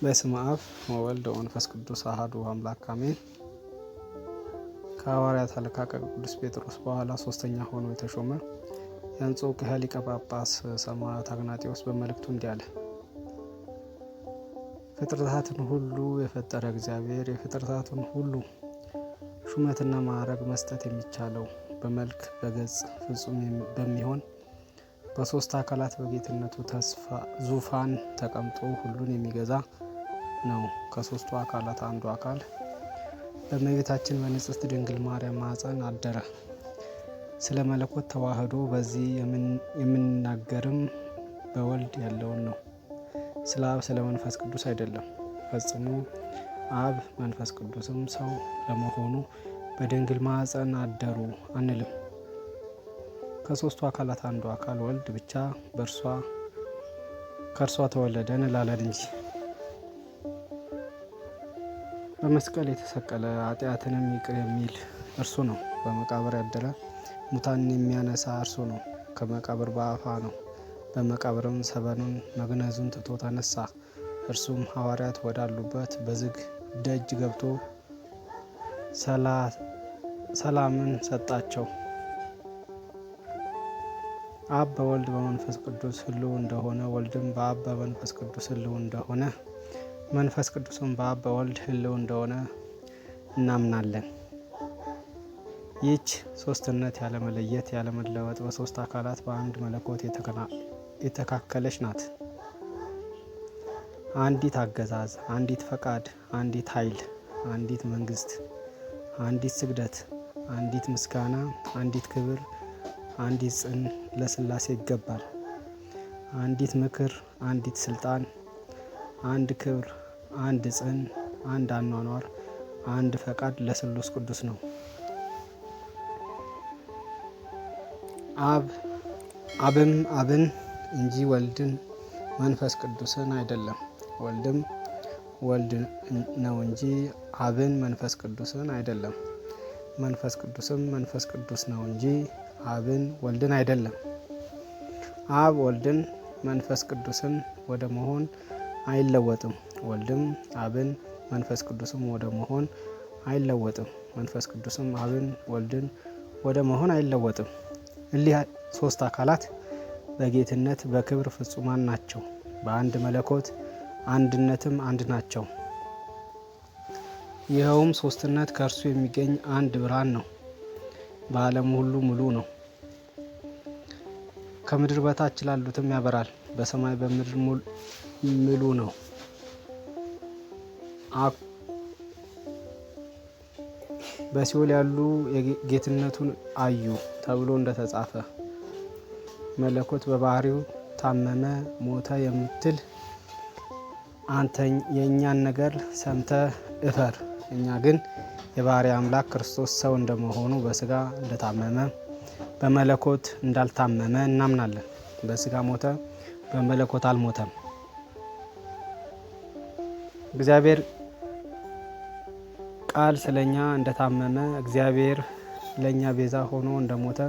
በስመ አብ ወወልድ ወመንፈስ ቅዱስ አሐዱ አምላክ አሜን። ከሐዋርያት አለቃ ከቅዱስ ጴጥሮስ በኋላ ሶስተኛ ሆኖ የተሾመ የአንጾኪያ ሊቀ ጳጳስ ሰማዕት አግናጢዎስ በመልእክቱ እንዲህ አለ። ፍጥረታትን ሁሉ የፈጠረ እግዚአብሔር የፍጥረታትን ሁሉ ሹመትና ማዕረግ መስጠት የሚቻለው በመልክ በገጽ ፍጹም በሚሆን በሶስት አካላት በጌትነቱ ተስፋ ዙፋን ተቀምጦ ሁሉን የሚገዛ ነው። ከሶስቱ አካላት አንዱ አካል በእመቤታችን በንጽሕት ድንግል ማርያም ማኅፀን አደረ። ስለ መለኮት ተዋህዶ በዚህ የምንናገርም በወልድ ያለውን ነው፣ ስለ አብ ስለ መንፈስ ቅዱስ አይደለም። ፈጽሞ አብ መንፈስ ቅዱስም ሰው ለመሆኑ በድንግል ማኅፀን አደሩ አንልም። ከሶስቱ አካላት አንዱ አካል ወልድ ብቻ በእርሷ ከእርሷ ተወለደ እንላለን እንጂ በመስቀል የተሰቀለ ኃጢአትንም ይቅር የሚል እርሱ ነው። በመቃብር ያደረ ሙታንን የሚያነሳ እርሱ ነው። ከመቃብር በአፋ ነው። በመቃብርም ሰበኑን መግነዙን ትቶ ተነሳ። እርሱም ሐዋርያት ወዳሉበት በዝግ ደጅ ገብቶ ሰላምን ሰጣቸው። አብ በወልድ በመንፈስ ቅዱስ ሕልው እንደሆነ ወልድም በአብ በመንፈስ ቅዱስ ሕልው እንደሆነ መንፈስ ቅዱስን በአብ በወልድ ህልው እንደሆነ እናምናለን። ይህች ሶስትነት ያለመለየት ያለመለወጥ በሶስት አካላት በአንድ መለኮት የተካከለች ናት። አንዲት አገዛዝ፣ አንዲት ፈቃድ፣ አንዲት ኃይል፣ አንዲት መንግስት፣ አንዲት ስግደት፣ አንዲት ምስጋና፣ አንዲት ክብር፣ አንዲት ጽን ለስላሴ ይገባል። አንዲት ምክር፣ አንዲት ስልጣን አንድ ክብር፣ አንድ ጽን፣ አንድ አኗኗር፣ አንድ ፈቃድ ለስሉስ ቅዱስ ነው። አብ አብም አብን እንጂ ወልድን መንፈስ ቅዱስን አይደለም። ወልድም ወልድ ነው እንጂ አብን መንፈስ ቅዱስን አይደለም። መንፈስ ቅዱስም መንፈስ ቅዱስ ነው እንጂ አብን ወልድን አይደለም። አብ ወልድን መንፈስ ቅዱስን ወደ መሆን አይለወጥም። ወልድም አብን መንፈስ ቅዱስም ወደ መሆን አይለወጥም። መንፈስ ቅዱስም አብን ወልድን ወደ መሆን አይለወጥም። እሊህ ሶስት አካላት በጌትነት በክብር ፍጹማን ናቸው። በአንድ መለኮት አንድነትም አንድ ናቸው። ይኸውም ሶስትነት ከእርሱ የሚገኝ አንድ ብርሃን ነው። በዓለም ሁሉ ሙሉ ነው። ከምድር በታች ላሉትም ያበራል። በሰማይ በምድር ምሉ ነው። በሲኦል ያሉ ጌትነቱን አዩ ተብሎ እንደተጻፈ መለኮት በባህሪው ታመመ፣ ሞተ የምትል አንተ የእኛን ነገር ሰምተ እፈር። እኛ ግን የባህሪ አምላክ ክርስቶስ ሰው እንደመሆኑ በስጋ እንደታመመ በመለኮት እንዳልታመመ እናምናለን። በስጋ ሞተ፣ በመለኮት አልሞተም። እግዚአብሔር ቃል ስለኛ እንደታመመ እግዚአብሔር ለእኛ ቤዛ ሆኖ እንደሞተ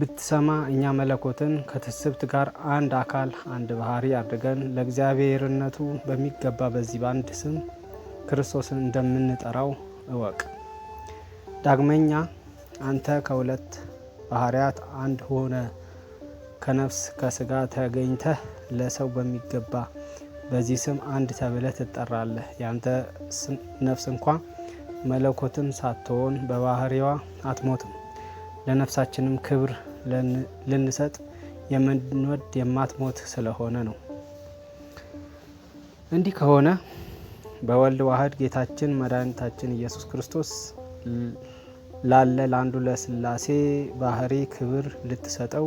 ብትሰማ እኛ መለኮትን ከትስብት ጋር አንድ አካል አንድ ባህሪ አድርገን ለእግዚአብሔርነቱ በሚገባ በዚህ በአንድ ስም ክርስቶስን እንደምንጠራው እወቅ። ዳግመኛ አንተ ከሁለት ባህርያት አንድ ሆነ ከነፍስ ከስጋ ተገኝተህ ለሰው በሚገባ በዚህ ስም አንድ ተብለህ ትጠራለህ። ያንተ ነፍስ እንኳ መለኮትም ሳትሆን በባህሪዋ አትሞትም። ለነፍሳችንም ክብር ልንሰጥ የምንወድ የማትሞት ስለሆነ ነው። እንዲህ ከሆነ በወልድ ዋህድ ጌታችን መድኃኒታችን ኢየሱስ ክርስቶስ ላለ ለአንዱ ለስላሴ ባህሪ ክብር ልትሰጠው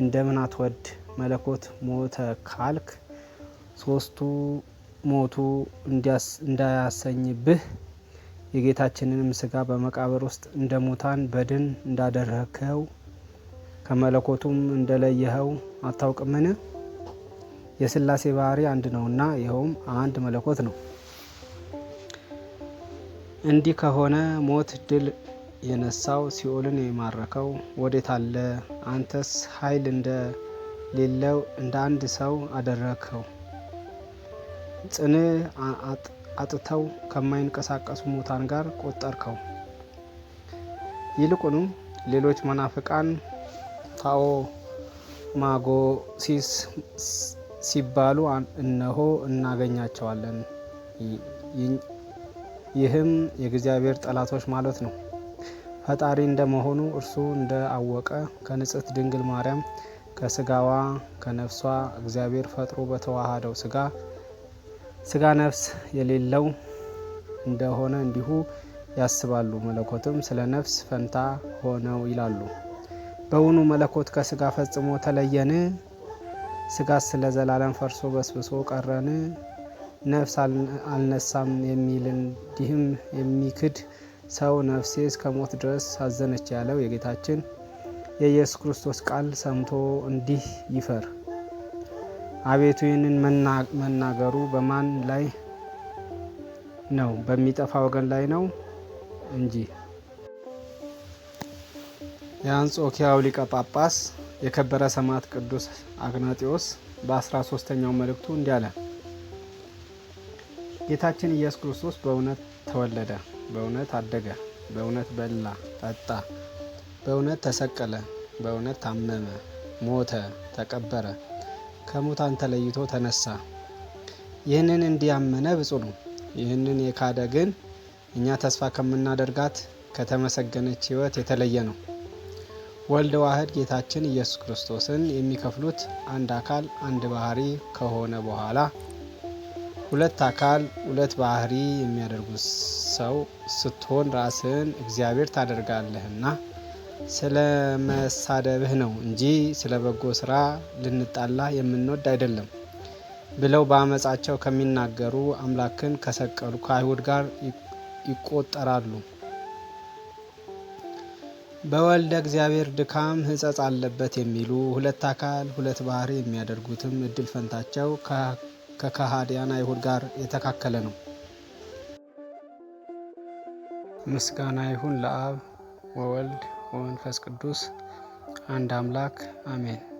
እንደምን አትወድ መለኮት ሞተ ካልክ ሶስቱ ሞቱ እንዳያሰኝብህ የጌታችንንም ስጋ በመቃብር ውስጥ እንደ ሙታን በድን እንዳደረከው ከመለኮቱም እንደለየኸው አታውቅምን? የስላሴ ባህሪ አንድ ነውና ይኸውም አንድ መለኮት ነው። እንዲህ ከሆነ ሞት ድል የነሳው ሲኦልን የማረከው ወዴት አለ? አንተስ ኃይል ሌለው እንደ አንድ ሰው አደረከው ጽን አጥተው ከማይንቀሳቀሱ ሙታን ጋር ቆጠርከው። ይልቁንም ሌሎች መናፍቃን ታኦማጎሲስ ሲባሉ እነሆ እናገኛቸዋለን። ይህም የእግዚአብሔር ጠላቶች ማለት ነው። ፈጣሪ እንደመሆኑ እርሱ እንደአወቀ አወቀ ከንጽሕት ድንግል ማርያም ከስጋዋ ከነፍሷ እግዚአብሔር ፈጥሮ በተዋሃደው ስጋ ስጋ ነፍስ የሌለው እንደሆነ እንዲሁ ያስባሉ። መለኮትም ስለ ነፍስ ፈንታ ሆነው ይላሉ። በውኑ መለኮት ከስጋ ፈጽሞ ተለየን? ስጋ ስለ ዘላለም ፈርሶ በስብሶ ቀረን? ነፍስ አልነሳም የሚል እንዲህም የሚክድ ሰው ነፍሴ እስከ ሞት ድረስ አዘነች ያለው የጌታችን የኢየሱስ ክርስቶስ ቃል ሰምቶ እንዲህ ይፈር። አቤቱ ይህንን መናገሩ በማን ላይ ነው? በሚጠፋ ወገን ላይ ነው እንጂ። የአንጾኪያው ሊቀ ጳጳስ የከበረ ሰማዕት ቅዱስ አግናጢዎስ በ13ኛው መልእክቱ እንዲህ አለ። ጌታችን ኢየሱስ ክርስቶስ በእውነት ተወለደ። በእውነት አደገ፣ በእውነት በላ ጠጣ፣ በእውነት ተሰቀለ፣ በእውነት ታመመ፣ ሞተ፣ ተቀበረ፣ ከሙታን ተለይቶ ተነሳ። ይህንን እንዲያመነ ብፁ ነው። ይህንን የካደ ግን እኛ ተስፋ ከምናደርጋት ከተመሰገነች ሕይወት የተለየ ነው። ወልደ ዋህድ ጌታችን ኢየሱስ ክርስቶስን የሚከፍሉት አንድ አካል አንድ ባህሪ ከሆነ በኋላ ሁለት አካል ሁለት ባህሪ የሚያደርጉ ሰው ስትሆን ራስህን እግዚአብሔር ታደርጋለህና ስለመሳደብህ ነው እንጂ ስለ በጎ ስራ ልንጣላ የምንወድ አይደለም ብለው በአመፃቸው ከሚናገሩ አምላክን ከሰቀሉ ከአይሁድ ጋር ይቆጠራሉ። በወልደ እግዚአብሔር ድካም ሕጸጽ አለበት የሚሉ ሁለት አካል ሁለት ባህሪ የሚያደርጉትም እድል ፈንታቸው ከካሃዲያን አይሁድ ጋር የተካከለ ነው። ምስጋና ይሁን ለአብ ወወልድ ወመንፈስ ቅዱስ አንድ አምላክ አሜን።